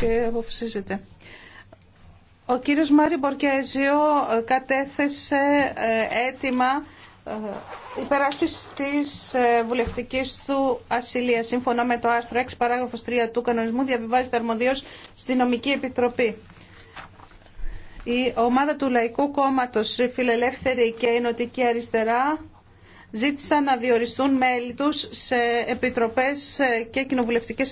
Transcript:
και αποφασίζεται. Ο κύριος Μάρι Μπορκέζιο ε, κατέθεσε ε, αίτημα ε, υπεράσπισης της βουλευτικής του ασυλίας. Σύμφωνα με το άρθρο 6 παράγραφος 3 του κανονισμού διαβιβάζεται αρμοδίως στη νομική επιτροπή. Η ομάδα του Λαϊκού Κόμματος η Φιλελεύθερη και η Νοτική Αριστερά ζήτησαν να διοριστούν μέλη τους σε επιτροπές και κοινοβουλευτικές